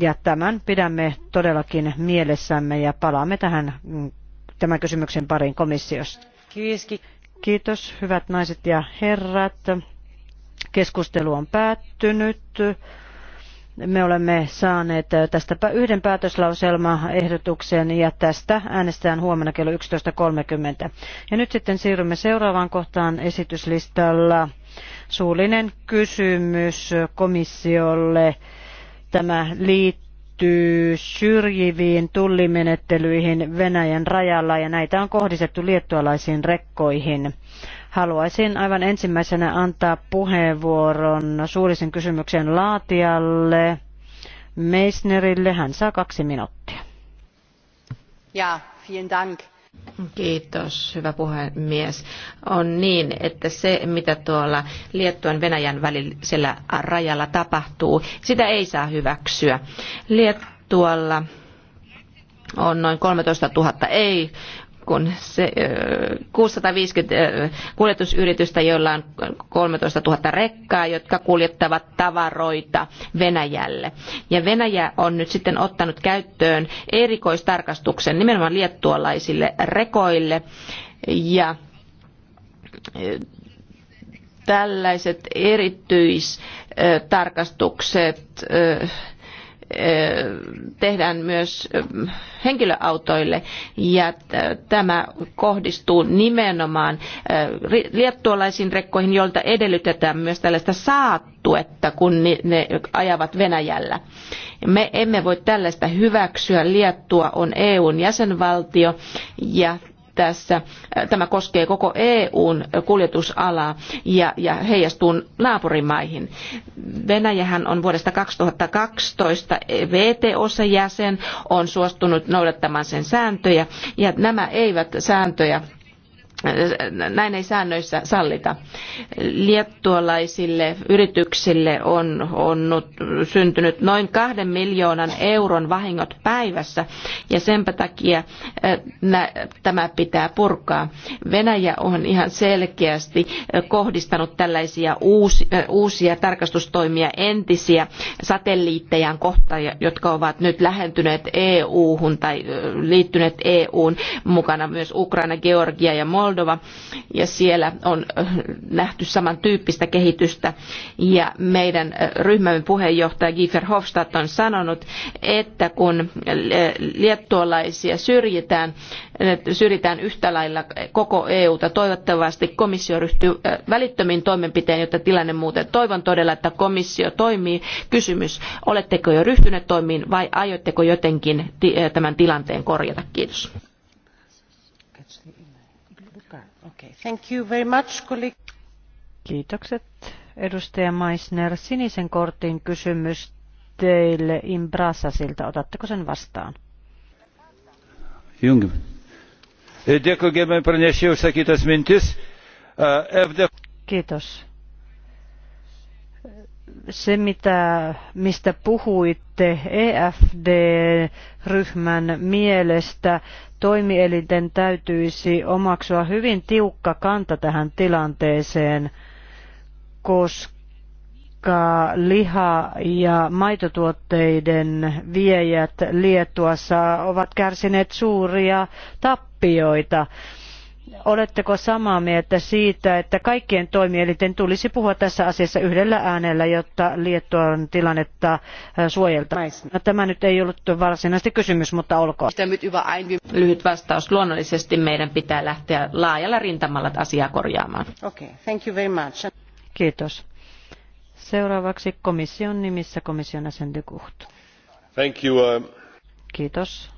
Ja tämän pidämme todellakin mielessämme ja palaamme tähän mm, tämän kysymyksen pariin komissiosta. Kiitos, hyvät naiset ja herrat. Keskustelu on päättynyt. Me olemme saaneet tästä yhden päätöslauselmaehdotuksen ja tästä äänestetään huomenna kello 11.30. Ja nyt sitten siirrymme seuraavaan kohtaan esityslistalla. Suullinen kysymys komissiolle Tämä liittyy syrjiviin tullimenettelyihin Venäjän rajalla ja näitä on kohdistettu liettualaisiin rekkoihin. Haluaisin aivan ensimmäisenä antaa puheenvuoron suullisen kysymyksen laatijalle Meissnerille. Hän saa kaksi minuuttia. Ja, vielen dank. Kiitos, hyvä puhemies. On niin, että se, mitä tuolla Liettuan Venäjän välisellä rajalla tapahtuu, sitä ei saa hyväksyä. Liettualla on noin 13 000 ei kun se, 650 kuljetusyritystä, joilla on 13 000 rekkaa, jotka kuljettavat tavaroita Venäjälle. Ja Venäjä on nyt sitten ottanut käyttöön erikoistarkastuksen nimenomaan liettualaisille rekoille. Ja tällaiset erityistarkastukset tehdään myös henkilöautoille ja tämä kohdistuu nimenomaan liettualaisiin rekkoihin, joilta edellytetään myös tällaista saattuetta, kun ne ajavat Venäjällä. Me emme voi tällaista hyväksyä. Liettua on EUn jäsenvaltio ja tässä, tämä koskee koko EUn kuljetusalaa ja, ja heijastuu naapurimaihin. Venäjähän on vuodesta 2012 VTOssa jäsen, on suostunut noudattamaan sen sääntöjä ja nämä eivät sääntöjä näin ei säännöissä sallita. Liettualaisille yrityksille on, on syntynyt noin kahden miljoonan euron vahingot päivässä ja senpä takia tämä pitää purkaa. Venäjä on ihan selkeästi kohdistanut tällaisia uusia tarkastustoimia entisiä satelliittejaan kohtaan, jotka ovat nyt lähentyneet EU-hun tai liittyneet EUn mukana myös Ukraina, Georgia ja Moldova Moldova ja siellä on äh, nähty samantyyppistä kehitystä ja meidän äh, ryhmämme puheenjohtaja Giefer Hofstadt on sanonut, että kun äh, liettualaisia syrjitään, syrjitään yhtä lailla koko EUta, toivottavasti komissio ryhtyy välittömiin toimenpiteen, jotta tilanne muuten. Toivon todella, että komissio toimii. Kysymys, oletteko jo ryhtyneet toimiin vai aiotteko jotenkin tämän tilanteen korjata? Kiitos. Okay, thank Kiitokset. Edustaja Meissner, sinisen kortin kysymys teille Imbrasasilta. Otatteko sen vastaan? Jung. Dėkui, gerbiami pranešėjai, užsakytas mintis. FD... Kiitos se, mitä, mistä puhuitte EFD-ryhmän mielestä, toimielinten täytyisi omaksua hyvin tiukka kanta tähän tilanteeseen, koska liha- ja maitotuotteiden viejät Liettuassa ovat kärsineet suuria tappioita. Oletteko samaa mieltä siitä, että kaikkien toimielinten tulisi puhua tässä asiassa yhdellä äänellä, jotta Liettuan tilannetta äh, suojeltaisiin? No, tämä nyt ei ollut varsinaisesti kysymys, mutta olkoon. Lyhyt vastaus. Luonnollisesti meidän pitää lähteä laajalla rintamalla asiaa korjaamaan. Okay, thank you very much. Kiitos. Seuraavaksi komission nimissä komission jäsen uh, Kiitos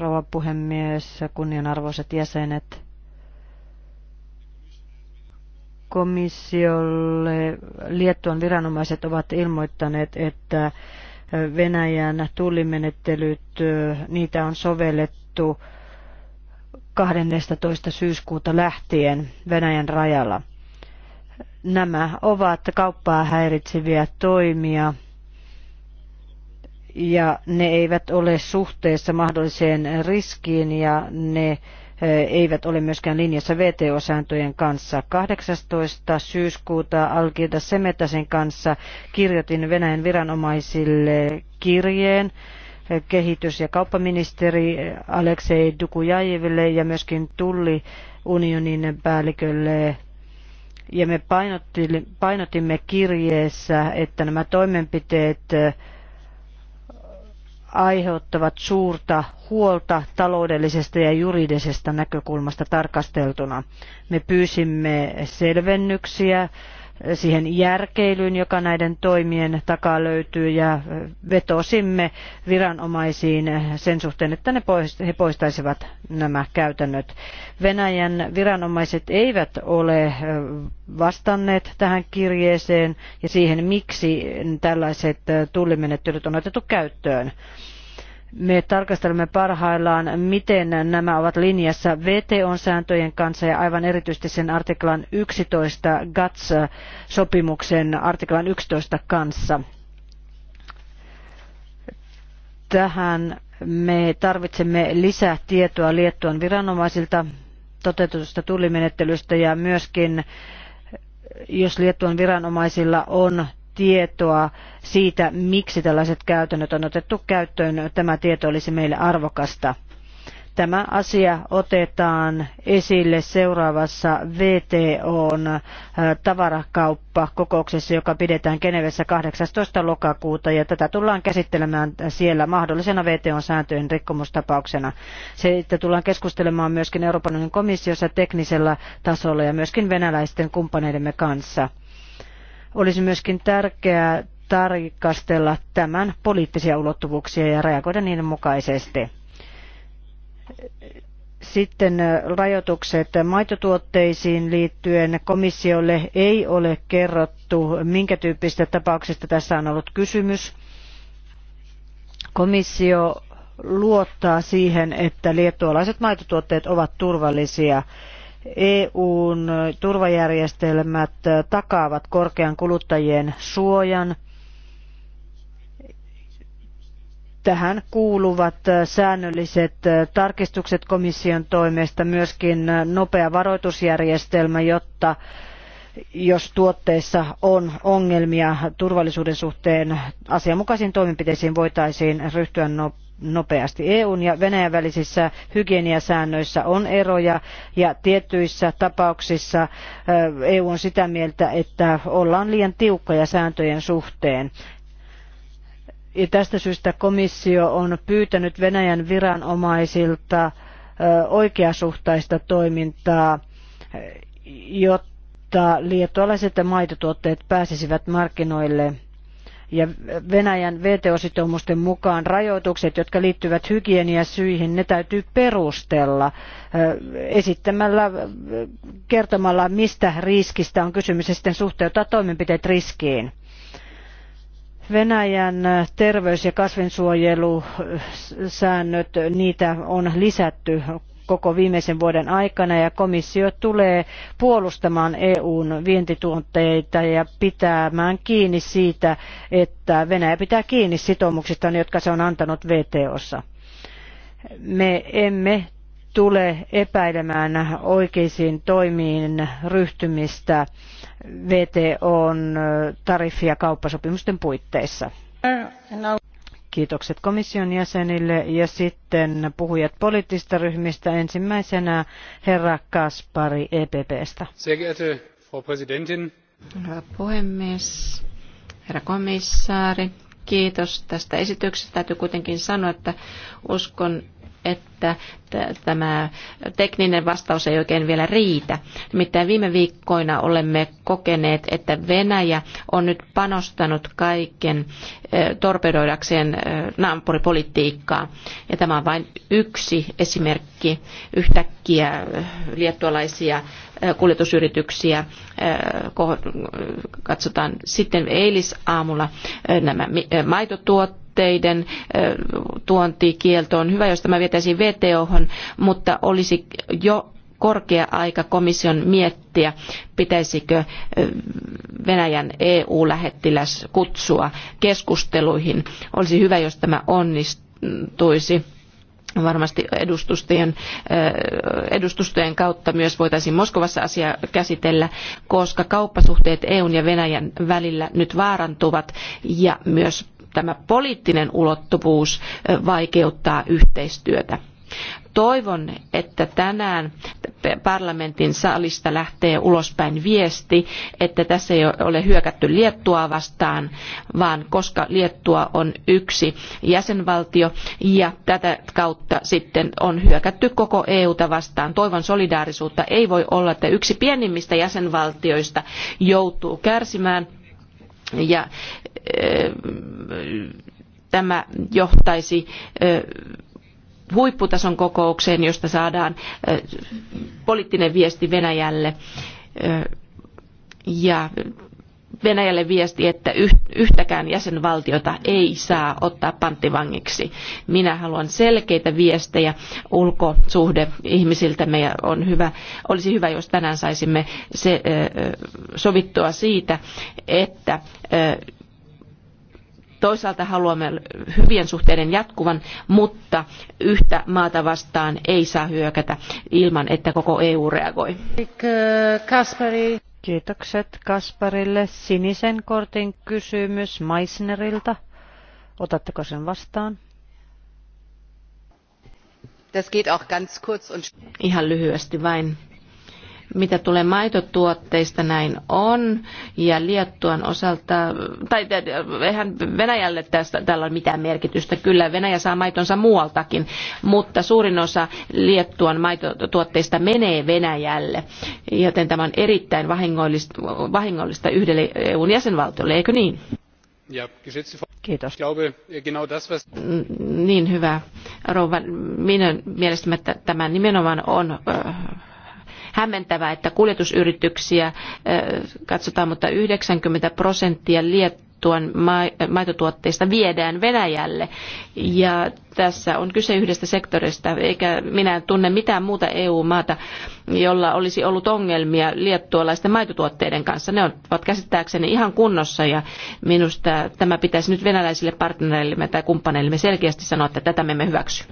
rouva puhemies, kunnianarvoiset jäsenet. Komissiolle Liettuan viranomaiset ovat ilmoittaneet, että Venäjän tullimenettelyt, niitä on sovellettu 12. syyskuuta lähtien Venäjän rajalla. Nämä ovat kauppaa häiritseviä toimia, ja ne eivät ole suhteessa mahdolliseen riskiin ja ne eivät ole myöskään linjassa VTO-sääntöjen kanssa. 18. syyskuuta Algirda Semetasen kanssa kirjoitin Venäjän viranomaisille kirjeen kehitys- ja kauppaministeri Aleksei Dukujajeville ja myöskin unionin päällikölle ja me painotimme kirjeessä, että nämä toimenpiteet aiheuttavat suurta huolta taloudellisesta ja juridisesta näkökulmasta tarkasteltuna. Me pyysimme selvennyksiä siihen järkeilyyn, joka näiden toimien takaa löytyy ja vetosimme viranomaisiin sen suhteen, että ne poist, he poistaisivat nämä käytännöt. Venäjän viranomaiset eivät ole vastanneet tähän kirjeeseen ja siihen, miksi tällaiset tullimenettelyt on otettu käyttöön. Me tarkastelemme parhaillaan, miten nämä ovat linjassa VTOn sääntöjen kanssa ja aivan erityisesti sen artiklan 11 GATS-sopimuksen artiklan 11 kanssa. Tähän me tarvitsemme lisää tietoa Liettuan viranomaisilta toteutetusta tullimenettelystä ja myöskin jos Liettuan viranomaisilla on tietoa siitä, miksi tällaiset käytännöt on otettu käyttöön. Tämä tieto olisi meille arvokasta. Tämä asia otetaan esille seuraavassa VTOn äh, tavarakauppakokouksessa, joka pidetään Genevessä 18. lokakuuta, ja tätä tullaan käsittelemään siellä mahdollisena VTOn sääntöjen rikkomustapauksena. Siitä tullaan keskustelemaan myöskin Euroopan unionin komissiossa teknisellä tasolla ja myöskin venäläisten kumppaneidemme kanssa olisi myöskin tärkeää tarkastella tämän poliittisia ulottuvuuksia ja reagoida niiden mukaisesti. Sitten rajoitukset maitotuotteisiin liittyen komissiolle ei ole kerrottu, minkä tyyppistä tapauksista tässä on ollut kysymys. Komissio luottaa siihen, että liettualaiset maitotuotteet ovat turvallisia EUn turvajärjestelmät takaavat korkean kuluttajien suojan. Tähän kuuluvat säännölliset tarkistukset komission toimesta, myöskin nopea varoitusjärjestelmä, jotta jos tuotteessa on ongelmia turvallisuuden suhteen, asianmukaisiin toimenpiteisiin voitaisiin ryhtyä nopeasti nopeasti. EUn ja Venäjän välisissä hygieniasäännöissä on eroja ja tiettyissä tapauksissa EU on sitä mieltä, että ollaan liian tiukkoja sääntöjen suhteen. Ja tästä syystä komissio on pyytänyt Venäjän viranomaisilta oikeasuhtaista toimintaa, jotta liettualaiset maitotuotteet pääsisivät markkinoille – ja Venäjän VTO-sitoumusten mukaan rajoitukset, jotka liittyvät hygieniasyihin, ne täytyy perustella esittämällä, kertomalla mistä riskistä on kysymys ja sitten suhteuttaa toimenpiteet riskiin. Venäjän terveys- ja kasvinsuojelusäännöt, niitä on lisätty koko viimeisen vuoden aikana ja komissio tulee puolustamaan EUn vientituotteita ja pitämään kiinni siitä, että Venäjä pitää kiinni sitoumuksistaan, jotka se on antanut VTOssa. Me emme tule epäilemään oikeisiin toimiin ryhtymistä VTOn tariffi- ja kauppasopimusten puitteissa. Kiitokset komission jäsenille ja sitten puhujat poliittisista ryhmistä. Ensimmäisenä herra Kaspari EPPstä. Sehr geehrte Frau Präsidentin. Herra puhemies, herra komissaari, kiitos tästä esityksestä. Täytyy kuitenkin sanoa, että uskon, että tämä tekninen vastaus ei oikein vielä riitä. Nimittäin viime viikkoina olemme kokeneet, että Venäjä on nyt panostanut kaiken torpedoidakseen naapuripolitiikkaa. Ja tämä on vain yksi esimerkki yhtäkkiä liettualaisia kuljetusyrityksiä katsotaan sitten eilisaamulla nämä maitotuotteet tuotteiden tuontikielto on hyvä, jos tämä vietäisiin VTOhon, mutta olisi jo korkea aika komission miettiä, pitäisikö Venäjän EU-lähettiläs kutsua keskusteluihin. Olisi hyvä, jos tämä onnistuisi varmasti edustustojen, edustustojen kautta myös voitaisiin Moskovassa asia käsitellä, koska kauppasuhteet EUn ja Venäjän välillä nyt vaarantuvat ja myös tämä poliittinen ulottuvuus vaikeuttaa yhteistyötä. Toivon, että tänään parlamentin salista lähtee ulospäin viesti, että tässä ei ole hyökätty Liettua vastaan, vaan koska Liettua on yksi jäsenvaltio ja tätä kautta sitten on hyökätty koko EUta vastaan. Toivon solidaarisuutta. Ei voi olla, että yksi pienimmistä jäsenvaltioista joutuu kärsimään ja tämä johtaisi huipputason kokoukseen, josta saadaan poliittinen viesti Venäjälle. Ja Venäjälle viesti, että yhtäkään jäsenvaltiota ei saa ottaa panttivangiksi. Minä haluan selkeitä viestejä ulkosuhde ihmisiltä. Meidän on hyvä, olisi hyvä, jos tänään saisimme se, sovittua siitä, että toisaalta haluamme hyvien suhteiden jatkuvan, mutta yhtä maata vastaan ei saa hyökätä ilman, että koko EU reagoi. Kasperi. Kiitokset Kasparille. Sinisen kortin kysymys Meissnerilta. Otatteko sen vastaan? Das geht auch ganz kurz und... Ihan lyhyesti vain mitä tulee maitotuotteista, näin on. Ja Liettuan osalta, tai eihän Venäjälle tästä, tällä ole mitään merkitystä. Kyllä Venäjä saa maitonsa muualtakin, mutta suurin osa Liettuan maitotuotteista menee Venäjälle. Joten tämä on erittäin vahingollista, vahingollista yhdelle EUn jäsenvaltiolle, eikö niin? Kiitos. Niin hyvä, rouva. Minun mielestäni tämä nimenomaan on hämmentävää, että kuljetusyrityksiä katsotaan, mutta 90 prosenttia Liettuan maitotuotteista viedään Venäjälle. Ja tässä on kyse yhdestä sektorista, eikä minä tunne mitään muuta EU-maata, jolla olisi ollut ongelmia liettualaisten maitotuotteiden kanssa. Ne ovat käsittääkseni ihan kunnossa ja minusta tämä pitäisi nyt venäläisille partnereillemme tai kumppaneillemme selkeästi sanoa, että tätä me emme hyväksy.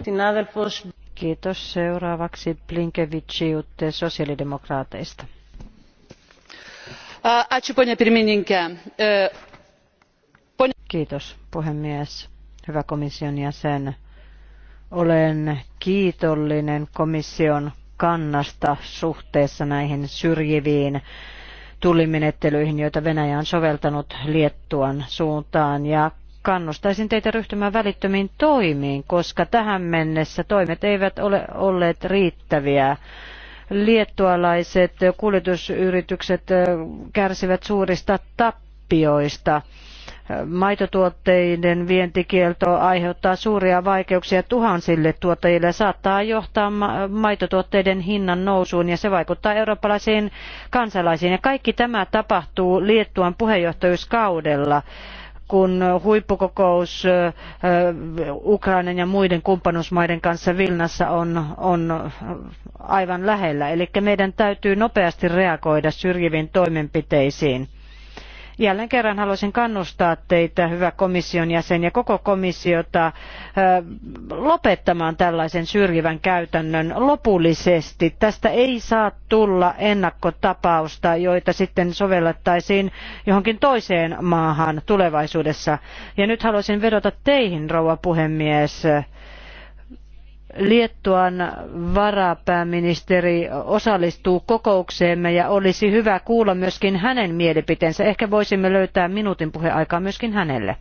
Kiitos. Seuraavaksi Blinkevičiute sosiaalidemokraateista. Kiitos puhemies. Hyvä komission jäsen. Olen kiitollinen komission kannasta suhteessa näihin syrjiviin tullimenettelyihin, joita Venäjä on soveltanut Liettuan suuntaan. Ja kannustaisin teitä ryhtymään välittömiin toimiin, koska tähän mennessä toimet eivät ole olleet riittäviä. Liettualaiset kuljetusyritykset kärsivät suurista tappioista. Maitotuotteiden vientikielto aiheuttaa suuria vaikeuksia tuhansille tuottajille ja saattaa johtaa maitotuotteiden hinnan nousuun ja se vaikuttaa eurooppalaisiin kansalaisiin. Ja kaikki tämä tapahtuu Liettuan puheenjohtajuuskaudella kun huippukokous Ukrainan ja muiden kumppanuusmaiden kanssa Vilnassa on, on aivan lähellä. Eli meidän täytyy nopeasti reagoida syrjiviin toimenpiteisiin Jälleen kerran haluaisin kannustaa teitä, hyvä komission jäsen ja koko komissiota, lopettamaan tällaisen syrjivän käytännön lopullisesti. Tästä ei saa tulla ennakkotapausta, joita sitten sovellettaisiin johonkin toiseen maahan tulevaisuudessa. Ja nyt haluaisin vedota teihin, rouva puhemies, Liettuan varapääministeri osallistuu kokoukseemme ja olisi hyvä kuulla myöskin hänen mielipiteensä. Ehkä voisimme löytää minuutin puheaikaa myöskin hänelle.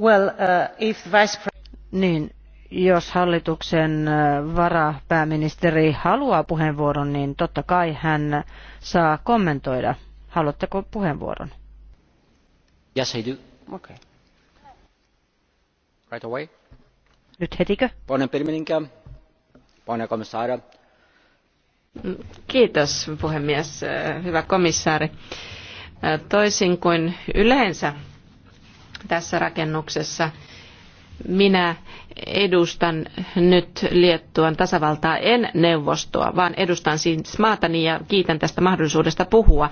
Well, uh, if vice... Niin, jos hallituksen uh, varapääministeri haluaa puheenvuoron, niin totta kai hän saa kommentoida. Haluatteko puheenvuoron? Yes, I do. Okay. Right away arvoisa puhemies Kiitos puhemies, hyvä komissaari. Toisin kuin yleensä tässä rakennuksessa, minä edustan nyt Liettuan tasavaltaa, en neuvostoa, vaan edustan siis maatani ja kiitän tästä mahdollisuudesta puhua.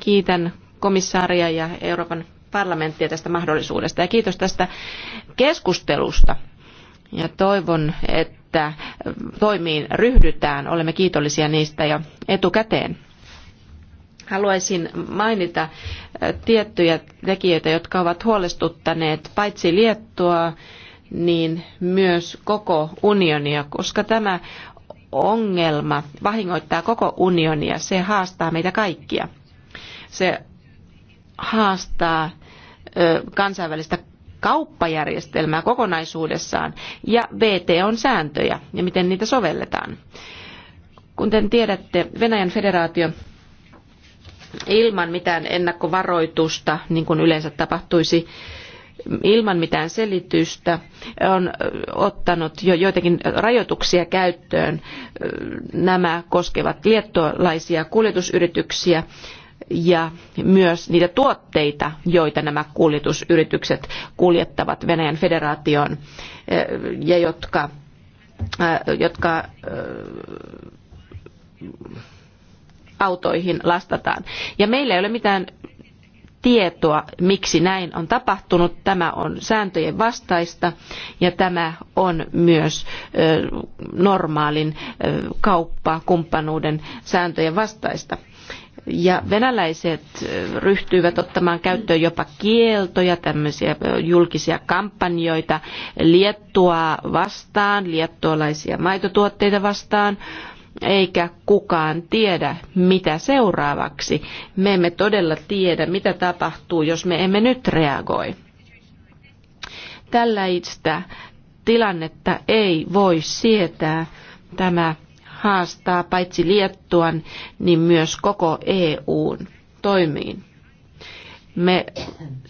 Kiitän komissaaria ja Euroopan parlamenttia tästä mahdollisuudesta ja kiitos tästä keskustelusta. Ja toivon, että toimiin ryhdytään. Olemme kiitollisia niistä jo etukäteen. Haluaisin mainita äh, tiettyjä tekijöitä, jotka ovat huolestuttaneet paitsi Liettua, niin myös koko unionia, koska tämä ongelma vahingoittaa koko unionia. Se haastaa meitä kaikkia. Se haastaa kansainvälistä kauppajärjestelmää kokonaisuudessaan ja VTOn sääntöjä ja miten niitä sovelletaan. Kuten tiedätte, Venäjän federaatio ilman mitään ennakkovaroitusta, niin kuin yleensä tapahtuisi, ilman mitään selitystä on ottanut jo joitakin rajoituksia käyttöön. Nämä koskevat liettualaisia kuljetusyrityksiä, ja myös niitä tuotteita, joita nämä kuljetusyritykset kuljettavat Venäjän federaatioon eh, ja jotka, eh, jotka eh, autoihin lastataan. Ja meillä ei ole mitään tietoa, miksi näin on tapahtunut. Tämä on sääntöjen vastaista ja tämä on myös normaalin kauppa, kumppanuuden sääntöjen vastaista. Ja venäläiset ryhtyivät ottamaan käyttöön jopa kieltoja, tämmöisiä julkisia kampanjoita Liettua vastaan, liettualaisia maitotuotteita vastaan, eikä kukaan tiedä, mitä seuraavaksi. Me emme todella tiedä, mitä tapahtuu, jos me emme nyt reagoi. Tällaista tilannetta ei voi sietää. Tämä haastaa paitsi Liettuan, niin myös koko EUn toimiin. Me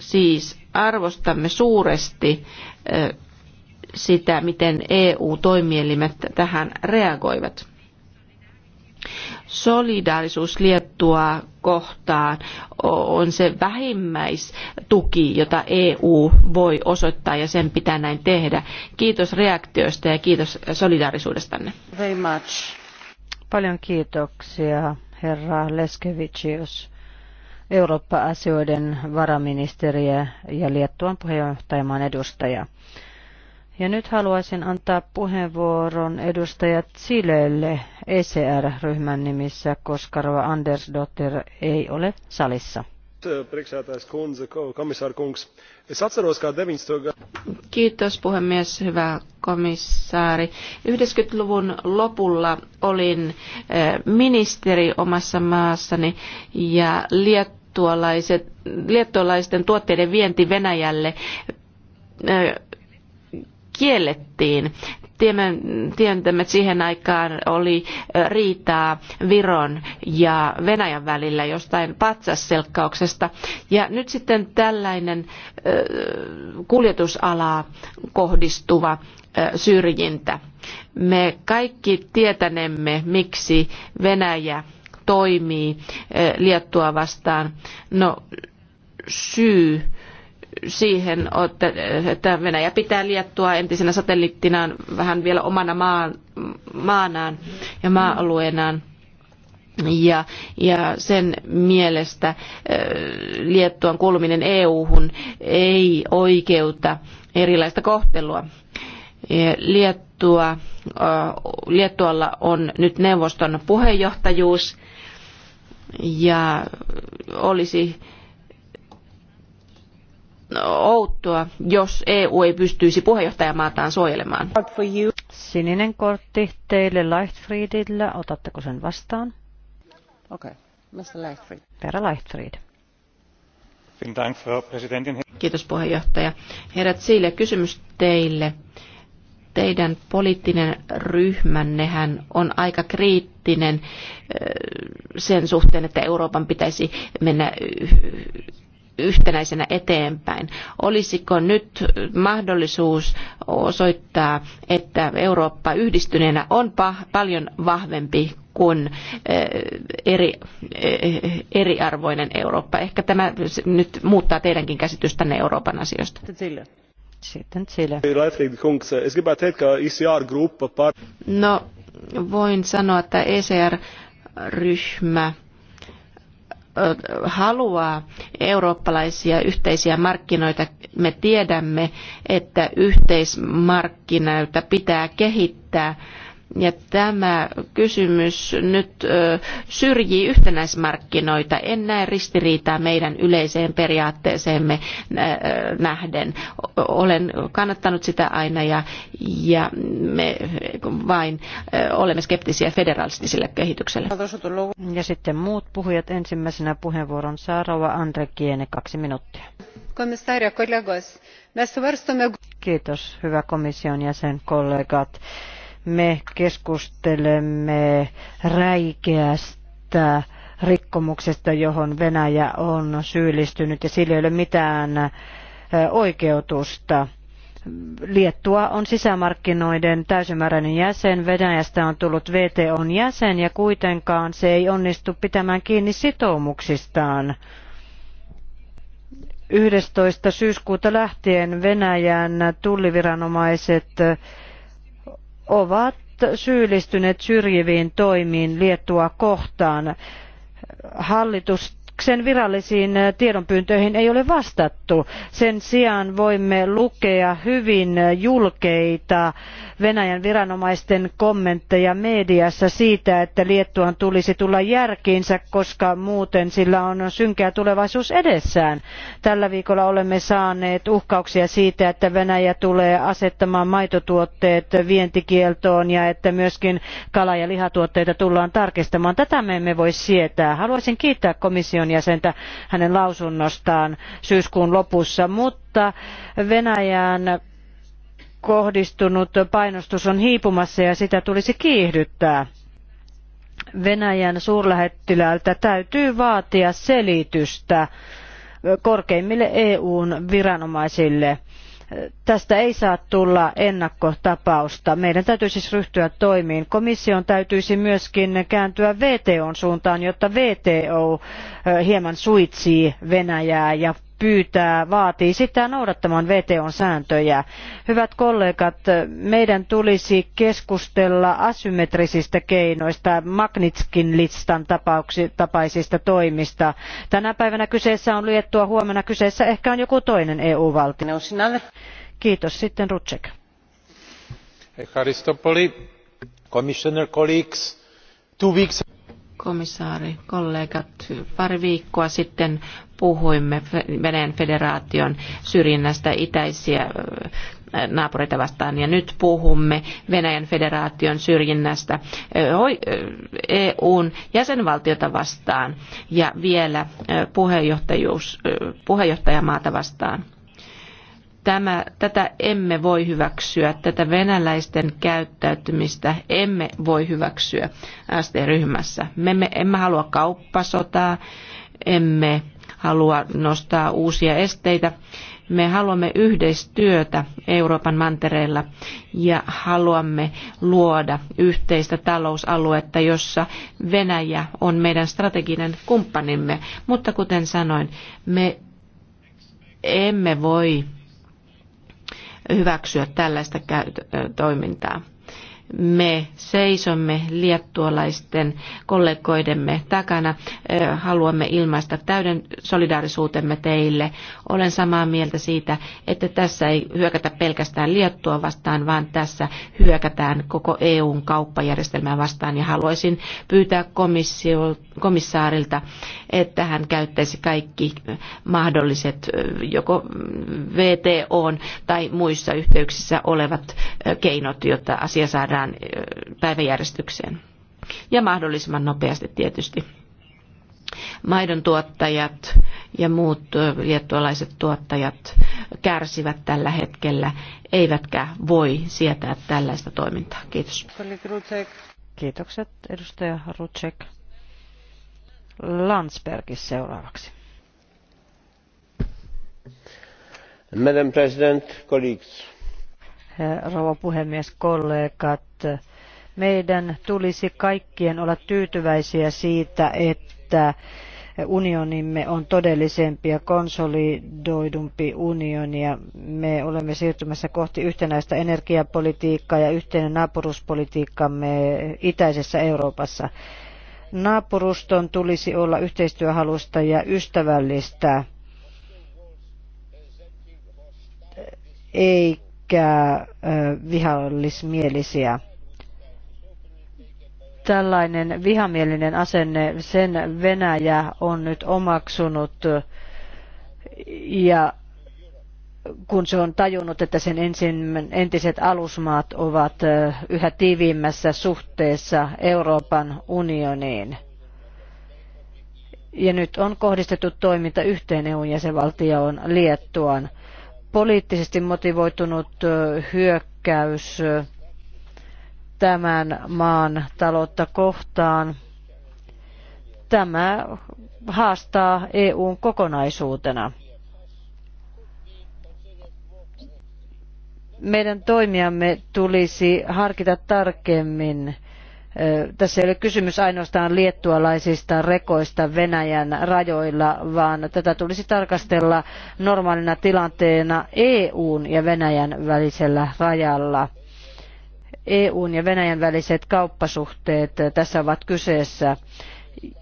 siis arvostamme suuresti sitä, miten EU-toimielimet tähän reagoivat. Solidaarisuus Liettua kohtaan on se vähimmäistuki, jota EU voi osoittaa ja sen pitää näin tehdä. Kiitos reaktiosta ja kiitos solidaarisuudestanne. Very much. Paljon kiitoksia, herra Leskevicius, Eurooppa-asioiden varaministeriä ja Liettuan puheenjohtajamaan edustaja. Ja nyt haluaisin antaa puheenvuoron edustajat Silelle ECR-ryhmän nimissä, koska Rova Andersdotter ei ole salissa. Eh, priekšsētājs kundze, komisāra kungs. Es atceros, kā 90. gadu. Kiitos puhemies, hyvä komissaari. 90-luvun lopulla olin eh, ministeri omassa maassani ja liettualaiset, liettualaisten tuotteiden vienti Venäjälle eh, kiellettiin että siihen aikaan oli riitaa Viron ja Venäjän välillä jostain patsasselkkauksesta. Ja nyt sitten tällainen kuljetusalaa kohdistuva syrjintä. Me kaikki tietänemme, miksi Venäjä toimii Liettua vastaan. No syy siihen, että Venäjä pitää liettua entisenä satelliittinaan vähän vielä omana maan, maanaan ja maa-alueenaan. Ja, ja sen mielestä äh, Liettuan kuuluminen EU-hun ei oikeuta erilaista kohtelua. Liettua, äh, Liettualla on nyt neuvoston puheenjohtajuus ja olisi outoa, jos EU ei pystyisi puheenjohtajamaataan suojelemaan. Sininen kortti teille Leichtfriedillä. Otatteko sen vastaan? Okei. Okay. Mr. Leichtfried. Herra Leichtfried. Kiitos puheenjohtaja. Herra Siile, kysymys teille. Teidän poliittinen ryhmännehän on aika kriittinen eh, sen suhteen, että Euroopan pitäisi mennä yhtenäisenä eteenpäin. Olisiko nyt mahdollisuus osoittaa, että Eurooppa yhdistyneenä on paljon vahvempi kuin eh, eri, eh, eriarvoinen Eurooppa? Ehkä tämä nyt muuttaa teidänkin käsitystänne Euroopan asioista. Sitten Chile. Eh, e no, voin sanoa, että ECR-ryhmä haluaa eurooppalaisia yhteisiä markkinoita, me tiedämme, että yhteismarkkinoita pitää kehittää ja tämä kysymys nyt syrjii yhtenäismarkkinoita. En näe ristiriitaa meidän yleiseen periaatteeseemme nähden. Olen kannattanut sitä aina ja, ja me vain olemme skeptisiä federalistiselle kehitykselle. Ja sitten muut puhujat. Ensimmäisenä puheenvuoron Saarova Andre Kiene, kaksi minuuttia. Kiitos, hyvä komission jäsen, kollegat me keskustelemme räikeästä rikkomuksesta, johon Venäjä on syyllistynyt ja sillä ei ole mitään oikeutusta. Liettua on sisämarkkinoiden täysimääräinen jäsen, Venäjästä on tullut VTOn jäsen ja kuitenkaan se ei onnistu pitämään kiinni sitoumuksistaan. 11. syyskuuta lähtien Venäjän tulliviranomaiset ovat syyllistyneet syrjiviin toimiin Liettua kohtaan. Hallitus sen virallisiin tiedonpyyntöihin ei ole vastattu. Sen sijaan voimme lukea hyvin julkeita Venäjän viranomaisten kommentteja mediassa siitä, että Liettuan tulisi tulla järkiinsä, koska muuten sillä on synkeä tulevaisuus edessään. Tällä viikolla olemme saaneet uhkauksia siitä, että Venäjä tulee asettamaan maitotuotteet vientikieltoon ja että myöskin kala- ja lihatuotteita tullaan tarkistamaan. Tätä me emme voi sietää. Haluaisin kiittää komission komission jäsentä hänen lausunnostaan syyskuun lopussa, mutta Venäjään kohdistunut painostus on hiipumassa ja sitä tulisi kiihdyttää. Venäjän suurlähettiläältä täytyy vaatia selitystä korkeimmille EUn viranomaisille Tästä ei saa tulla ennakkotapausta. Meidän täytyy siis ryhtyä toimiin. Komission täytyisi myöskin kääntyä VTOn suuntaan, jotta VTO hieman suitsii Venäjää ja pyytää, vaatii sitä noudattamaan VTOn sääntöjä. Hyvät kollegat, meidän tulisi keskustella asymmetrisistä keinoista, Magnitskin listan tapaisista toimista. Tänä päivänä kyseessä on Liettua, huomenna kyseessä ehkä on joku toinen EU-valtio. Kiitos. Sitten Rutsek. commissioner colleagues, two weeks komissaari, kollegat, pari viikkoa sitten puhuimme Venäjän federaation syrjinnästä itäisiä äh, naapureita vastaan ja nyt puhumme Venäjän federaation syrjinnästä äh, äh, EUn jäsenvaltiota vastaan ja vielä puheenjohtajuus, puheenjohtajamaata vastaan. Tämä, tätä emme voi hyväksyä, tätä venäläisten käyttäytymistä emme voi hyväksyä ST-ryhmässä. Me emme, emme halua kauppasotaa, emme halua nostaa uusia esteitä. Me haluamme yhteistyötä Euroopan mantereella ja haluamme luoda yhteistä talousaluetta, jossa Venäjä on meidän strateginen kumppanimme. Mutta kuten sanoin, me emme voi hyväksyä tällaista toimintaa me seisomme liettualaisten kollegoidemme takana. Haluamme ilmaista täyden solidaarisuutemme teille. Olen samaa mieltä siitä, että tässä ei hyökätä pelkästään Liettua vastaan, vaan tässä hyökätään koko EUn kauppajärjestelmää vastaan. Ja haluaisin pyytää komissaarilta, että hän käyttäisi kaikki mahdolliset joko VTO tai muissa yhteyksissä olevat keinot, jotta asia saadaan saadaan päiväjärjestykseen. Ja mahdollisimman nopeasti tietysti. Maidon tuottajat ja muut liettualaiset tuottajat kärsivät tällä hetkellä, eivätkä voi sietää tällaista toimintaa. Kiitos. Kiitokset, edustaja Rutsek. Landsbergis seuraavaksi. Madam President, colleagues rouva puhemies, kollegat. Meidän tulisi kaikkien olla tyytyväisiä siitä, että unionimme on todellisempi ja konsolidoidumpi unioni ja me olemme siirtymässä kohti yhtenäistä energiapolitiikkaa ja yhteinen naapuruspolitiikkamme itäisessä Euroopassa. Naapuruston tulisi olla yhteistyöhalusta ja ystävällistä, ei vihallismielisiä. Tällainen vihamielinen asenne, sen Venäjä on nyt omaksunut ja kun se on tajunnut, että sen ensin, entiset alusmaat ovat yhä tiiviimmässä suhteessa Euroopan unioniin. Ja nyt on kohdistettu toiminta yhteen eu jäsenvaltioon liettuaan poliittisesti motivoitunut hyökkäys tämän maan taloutta kohtaan. Tämä haastaa EUn kokonaisuutena. Meidän toimiamme tulisi harkita tarkemmin tässä ei ole kysymys ainoastaan liettualaisista rekoista Venäjän rajoilla, vaan tätä tulisi tarkastella normaalina tilanteena EUn ja Venäjän välisellä rajalla. EUn ja Venäjän väliset kauppasuhteet tässä ovat kyseessä.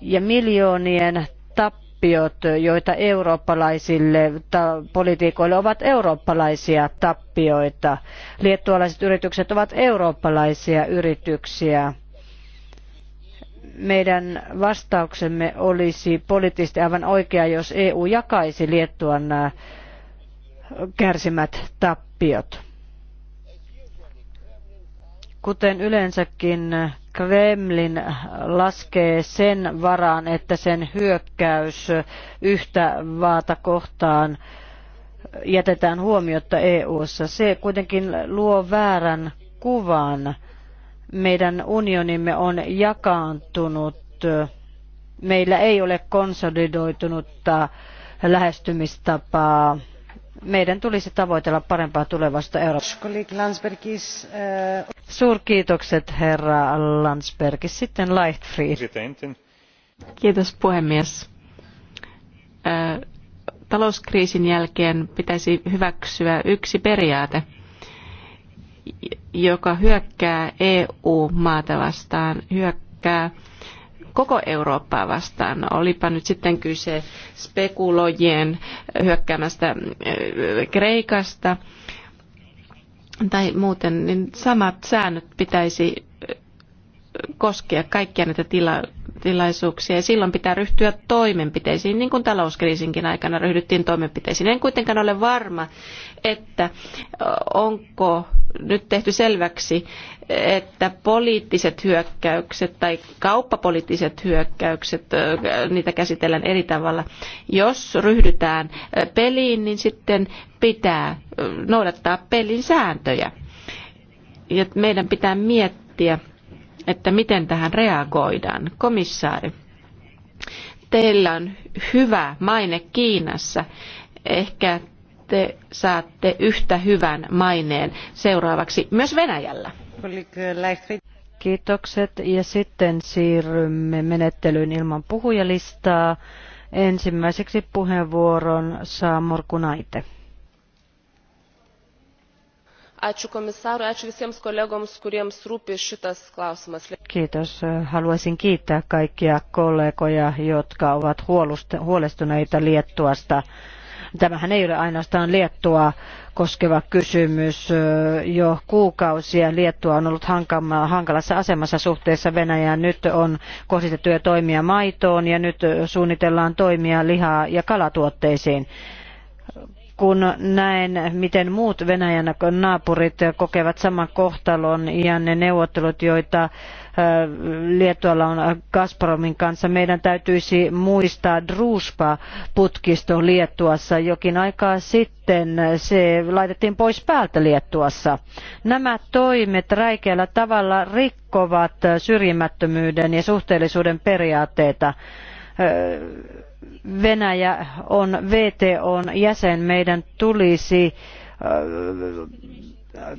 Ja miljoonien tappiot, joita eurooppalaisille ta- politiikoille ovat eurooppalaisia tappioita. Liettualaiset yritykset ovat eurooppalaisia yrityksiä meidän vastauksemme olisi poliittisesti aivan oikea, jos EU jakaisi Liettuan kärsimät tappiot. Kuten yleensäkin Kremlin laskee sen varaan, että sen hyökkäys yhtä vaata kohtaan jätetään huomiotta EU:ssa. Se kuitenkin luo väärän kuvan meidän unionimme on jakaantunut. Meillä ei ole konsolidoitunutta lähestymistapaa. Meidän tulisi tavoitella parempaa tulevasta Euroopasta. Eh, Suurkiitokset herra Landsbergis. Sitten Lightfree. Kiitos puhemies. Eh, talouskriisin jälkeen pitäisi hyväksyä yksi periaate – joka hyökkää EU-maata vastaan, hyökkää koko Eurooppaa vastaan. Olipa nyt sitten kyse spekulojien hyökkäämästä äh, Kreikasta tai muuten, niin samat säännöt pitäisi koskea kaikkia näitä tila- tilaisuuksia ja silloin pitää ryhtyä toimenpiteisiin, niin kuin talouskriisinkin aikana ryhdyttiin toimenpiteisiin. En kuitenkaan ole varma, että onko nyt tehty selväksi, että poliittiset hyökkäykset tai kauppapoliittiset hyökkäykset, niitä käsitellään eri tavalla. Jos ryhdytään peliin, niin sitten pitää noudattaa pelin sääntöjä. Ja meidän pitää miettiä, että miten tähän reagoidaan. Komissaari, teillä on hyvä maine Kiinassa. Ehkä te saatte yhtä hyvän maineen seuraavaksi myös Venäjällä. Kiitokset ja sitten siirrymme menettelyyn ilman puhujalistaa. Ensimmäiseksi puheenvuoron saa Morkunaite. Ačiū komisarui ačiū visiems kolegoms kuriems rūpi šitas klausimas. Kiitos. Haluaisin kiittää kaikkia kollegoja, jotka ovat huolestuneita Liettuasta. Tämähän ei ole ainoastaan Liettua koskeva kysymys. Jo kuukausia Liettua on ollut hankalassa asemassa suhteessa Venäjään. Nyt on kohdistettuja toimia maitoon ja nyt suunnitellaan toimia lihaa ja kalatuotteisiin kun näen, miten muut Venäjän naapurit kokevat saman kohtalon ja ne neuvottelut, joita Lietualla on Gazpromin kanssa, meidän täytyisi muistaa Druspa-putkisto Liettuassa jokin aikaa sitten. Se laitettiin pois päältä Liettuassa. Nämä toimet räikeällä tavalla rikkovat syrjimättömyyden ja suhteellisuuden periaatteita Venäjä on VTOn jäsen, meidän tulisi äh,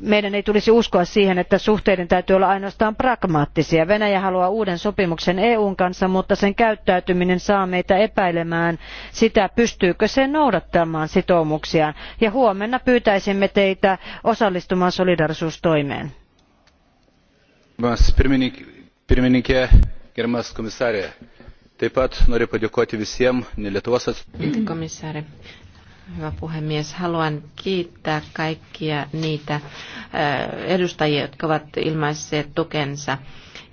meidän ei tulisi uskoa siihen, että suhteiden täytyy olla ainoastaan pragmaattisia. Venäjä haluaa uuden sopimuksen EUn kanssa, mutta sen käyttäytyminen saa meitä epäilemään sitä, pystyykö se noudattamaan sitoumuksiaan. Ja huomenna pyytäisimme teitä osallistumaan solidarisuustoimeen. Pirmininkė, gerbiamas Taip pat noriu padėkoti visiems nelietuvos atstovams. hyvä puhemies. Haluan kiittää kaikkia niitä eh, edustajia, jotka ovat ilmaisseet tukensa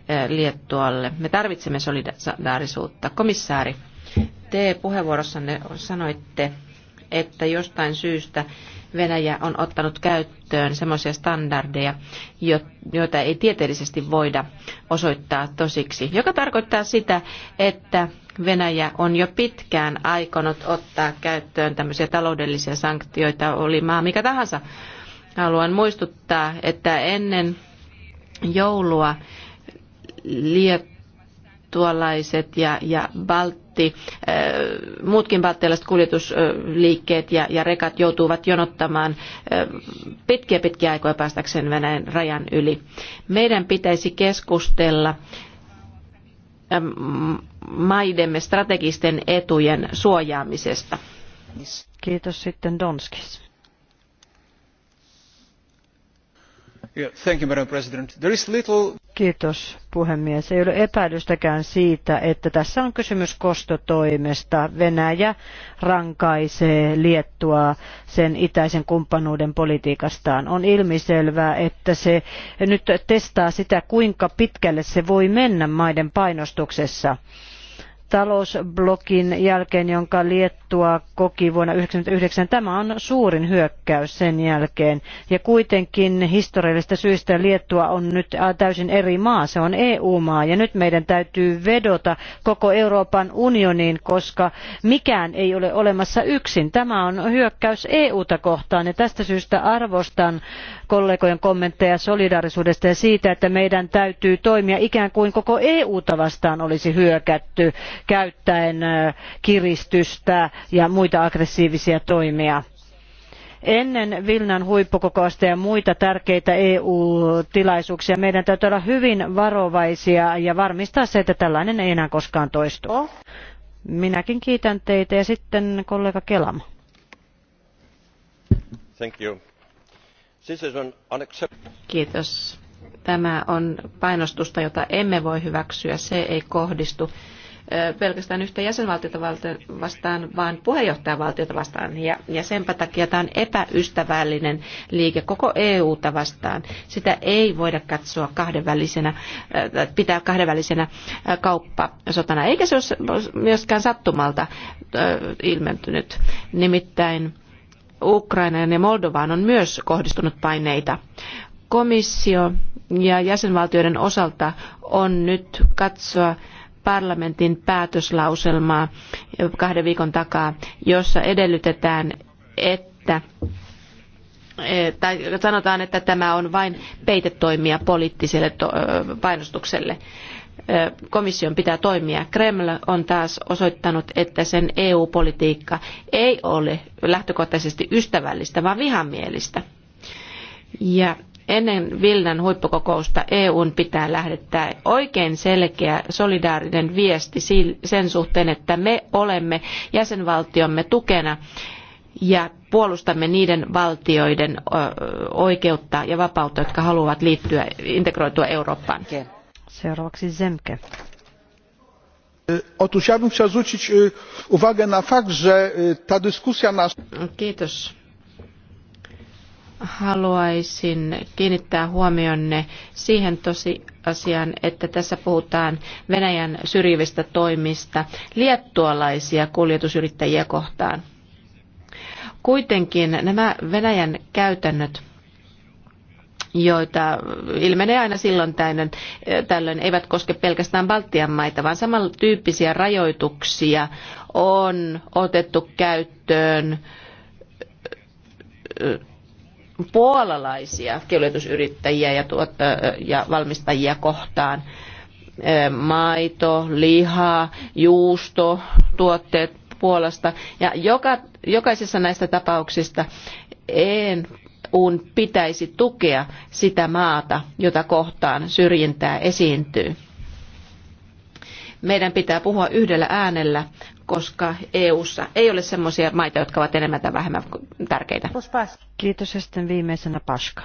eh, Liettualle. Me tarvitsemme solidaarisuutta. Komissaari, te puheenvuorossanne sanoitte, että jostain syystä Venäjä on ottanut käyttöön semmoisia standardeja, joita ei tieteellisesti voida osoittaa tosiksi, joka tarkoittaa sitä, että Venäjä on jo pitkään aikonut ottaa käyttöön tämmöisiä taloudellisia sanktioita, oli maa mikä tahansa. Haluan muistuttaa, että ennen joulua liet ja, ja Balt, Baltti, äh, muutkin balttilaiset kuljetusliikkeet ja, ja rekat joutuvat jonottamaan äh, pitkiä pitkiä aikoja päästäkseen Venäjän rajan yli. Meidän pitäisi keskustella ähm, maidemme strategisten etujen suojaamisesta. Kiitos sitten Donskis. Kiitos puhemies. Ei ole epäilystäkään siitä, että tässä on kysymys kostotoimesta. Venäjä rankaisee Liettua sen itäisen kumppanuuden politiikastaan. On ilmiselvää, että se nyt testaa sitä, kuinka pitkälle se voi mennä maiden painostuksessa talousblokin jälkeen, jonka Liettua koki vuonna 1999. Tämä on suurin hyökkäys sen jälkeen. Ja kuitenkin historiallisista syistä Liettua on nyt äh, täysin eri maa. Se on EU-maa ja nyt meidän täytyy vedota koko Euroopan unioniin, koska mikään ei ole olemassa yksin. Tämä on hyökkäys EU-ta kohtaan ja tästä syystä arvostan kollegojen kommentteja solidaarisuudesta ja siitä, että meidän täytyy toimia ikään kuin koko EU-ta vastaan olisi hyökätty käyttäen kiristystä ja muita aggressiivisia toimia. Ennen Vilnan huippukokousta ja muita tärkeitä EU-tilaisuuksia meidän täytyy olla hyvin varovaisia ja varmistaa se, että tällainen ei enää koskaan toistu. Minäkin kiitän teitä ja sitten kollega Kelam. Thank you. Kiitos. Tämä on painostusta, jota emme voi hyväksyä. Se ei kohdistu pelkästään yhtä jäsenvaltiota vastaan, vaan puheenjohtajavaltiota vastaan. Ja, ja senpä takia tämä on epäystävällinen liike koko EUta vastaan. Sitä ei voida katsoa kahdenvälisenä, pitää kahdenvälisenä kauppasotana. Eikä se ole myöskään sattumalta ilmentynyt. Nimittäin Ukrainaan ja Moldovaan on myös kohdistunut paineita. Komissio ja jäsenvaltioiden osalta on nyt katsoa, parlamentin päätöslauselmaa kahden viikon takaa, jossa edellytetään, että tai sanotaan, että tämä on vain peitetoimia poliittiselle painostukselle. Komission pitää toimia. Kreml on taas osoittanut, että sen EU-politiikka ei ole lähtökohtaisesti ystävällistä, vaan vihamielistä. Ja ennen Vilnan huippukokousta EUn pitää lähettää oikein selkeä solidaarinen viesti sen suhteen, että me olemme jäsenvaltiomme tukena ja puolustamme niiden valtioiden oikeutta ja vapautta, jotka haluavat liittyä, integroitua Eurooppaan. Seuraavaksi Zemke. E, otóż ja uwagę na fakt, że ta dyskusja nas... Kiitos haluaisin kiinnittää huomionne siihen tosiasiaan, että tässä puhutaan Venäjän syrjivistä toimista liettualaisia kuljetusyrittäjiä kohtaan. Kuitenkin nämä Venäjän käytännöt joita ilmenee aina silloin tällöin, tällöin eivät koske pelkästään Baltian maita, vaan samantyyppisiä rajoituksia on otettu käyttöön puolalaisia kuljetusyrittäjiä ja, tuot, ja valmistajia kohtaan. Maito, liha, juusto, tuotteet Puolasta. Ja joka, jokaisessa näistä tapauksista EUn pitäisi tukea sitä maata, jota kohtaan syrjintää esiintyy. Meidän pitää puhua yhdellä äänellä koska EU:ssa ei ole sellaisia maita, jotka ovat enemmän tai vähemmän tärkeitä. Kiitos ja sitten viimeisenä Paska.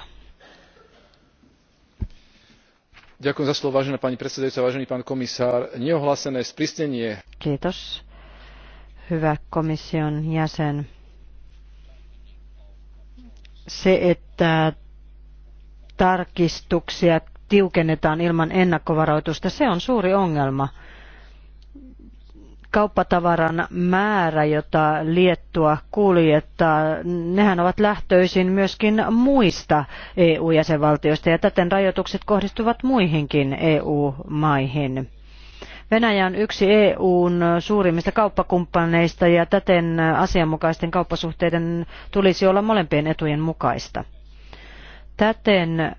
Ďakujem za slovo, vážená pani predsedajúca, vážený pán komisár. Neohlásené sprísnenie. Kiitos. Hyvä komission jäsen. Se, että tarkistuksia tiukennetaan ilman ennakkovaroitusta, se on suuri ongelma kauppatavaran määrä, jota Liettua kuljettaa, nehän ovat lähtöisin myöskin muista EU-jäsenvaltioista ja täten rajoitukset kohdistuvat muihinkin EU-maihin. Venäjä on yksi EUn suurimmista kauppakumppaneista ja täten asianmukaisten kauppasuhteiden tulisi olla molempien etujen mukaista. Täten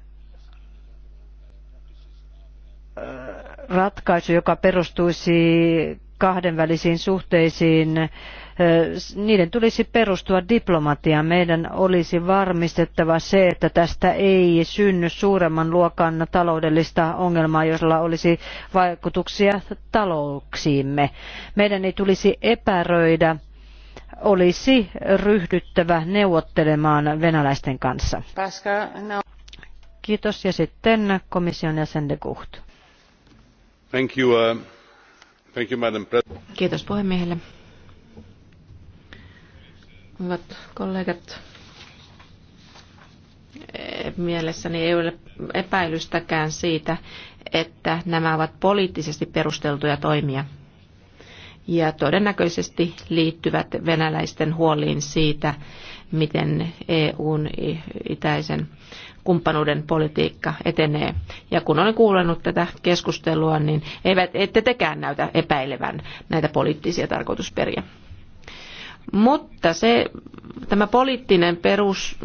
ratkaisu, joka perustuisi kahdenvälisiin suhteisiin, niiden tulisi perustua diplomatiaan. Meidän olisi varmistettava se, että tästä ei synny suuremman luokan taloudellista ongelmaa, jolla olisi vaikutuksia talouksiimme. Meidän ei tulisi epäröidä, olisi ryhdyttävä neuvottelemaan venäläisten kanssa. No. Kiitos ja sitten komission jäsen de Gucht. Thank you, uh... Kiitos puhemiehelle. Hyvät kollegat, mielessäni ei ole epäilystäkään siitä, että nämä ovat poliittisesti perusteltuja toimia ja todennäköisesti liittyvät venäläisten huoliin siitä, miten EUn itäisen kumppanuuden politiikka etenee. Ja kun olen kuullut tätä keskustelua, niin eivät, ette tekään näytä epäilevän näitä poliittisia tarkoitusperiä. Mutta se, tämä poliittinen perus,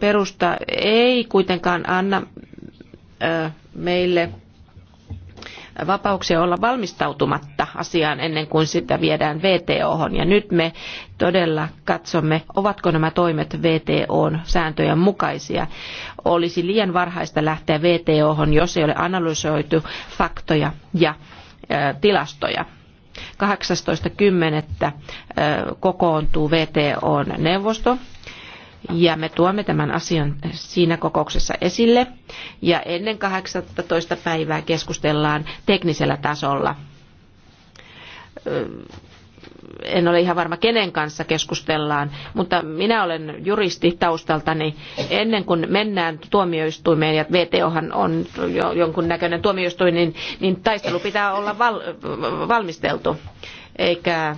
perusta ei kuitenkaan anna ö, meille vapauksia olla valmistautumatta asiaan ennen kuin sitä viedään VTOhon. Ja nyt me todella katsomme, ovatko nämä toimet VTOn sääntöjen mukaisia. Olisi liian varhaista lähteä VTOhon, jos ei ole analysoitu faktoja ja tilastoja. 18.10. kokoontuu VTOn neuvosto ja me tuomme tämän asian siinä kokouksessa esille. Ja ennen 18. päivää keskustellaan teknisellä tasolla. En ole ihan varma, kenen kanssa keskustellaan, mutta minä olen juristi taustaltani. Ennen kuin mennään tuomioistuimeen, ja VTOhan on jo näköinen tuomioistuin, niin, niin taistelu pitää olla val, valmisteltu, eikä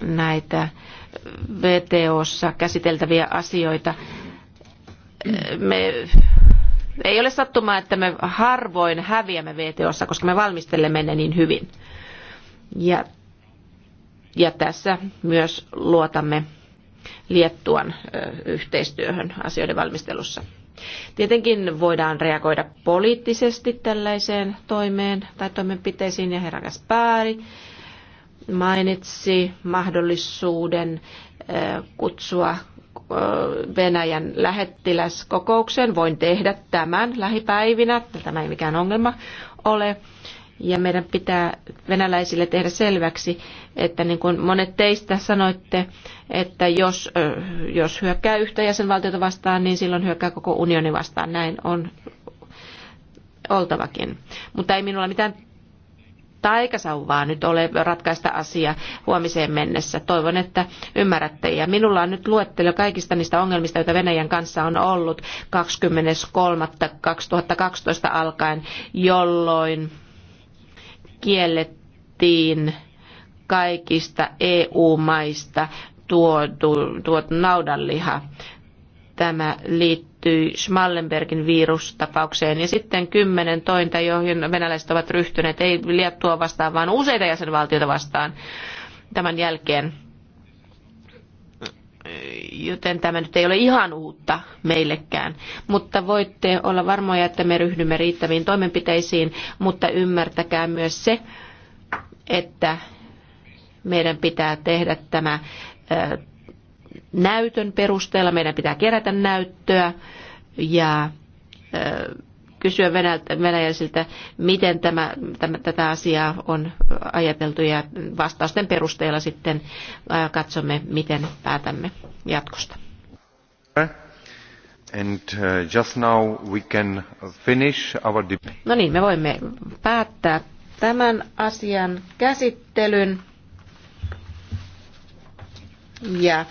näitä VTOssa käsiteltäviä asioita. Me, ei ole sattumaa, että me harvoin häviämme VTOssa, koska me valmistelemme ne niin hyvin. Ja, ja tässä myös luotamme Liettuan yhteistyöhön asioiden valmistelussa. Tietenkin voidaan reagoida poliittisesti tällaiseen toimeen tai toimenpiteisiin ja herra Kaspääri mainitsi mahdollisuuden kutsua Venäjän lähettiläskokoukseen. Voin tehdä tämän lähipäivinä, tämä ei mikään ongelma ole. Ja meidän pitää venäläisille tehdä selväksi, että niin kuin monet teistä sanoitte, että jos, jos hyökkää yhtä jäsenvaltiota vastaan, niin silloin hyökkää koko unioni vastaan. Näin on oltavakin. Mutta ei minulla mitään taikasauvaa nyt ole ratkaista asia huomiseen mennessä. Toivon, että ymmärrätte. Ja minulla on nyt luettelo kaikista niistä ongelmista, joita Venäjän kanssa on ollut 23.2012 alkaen, jolloin kiellettiin kaikista EU-maista tuotu, tuotu naudanliha. Tämä liittyy liittyi Schmallenbergin virustapaukseen ja sitten kymmenen tointa, joihin venäläiset ovat ryhtyneet, ei Liettua vastaan, vaan useita jäsenvaltioita vastaan tämän jälkeen. Joten tämä nyt ei ole ihan uutta meillekään. Mutta voitte olla varmoja, että me ryhdymme riittäviin toimenpiteisiin, mutta ymmärtäkää myös se, että meidän pitää tehdä tämä näytön perusteella. Meidän pitää kerätä näyttöä ja kysyä venäläisiltä, miten tämä, tämä, tätä asiaa on ajateltu ja vastausten perusteella sitten katsomme, miten päätämme jatkosta. And uh, just now we can finish our No niin, me voimme päättää tämän asian käsittelyn. Ja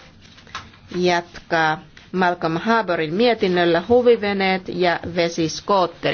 jatkaa Malcolm Harbourin mietinnöllä huviveneet ja vesiskootterit.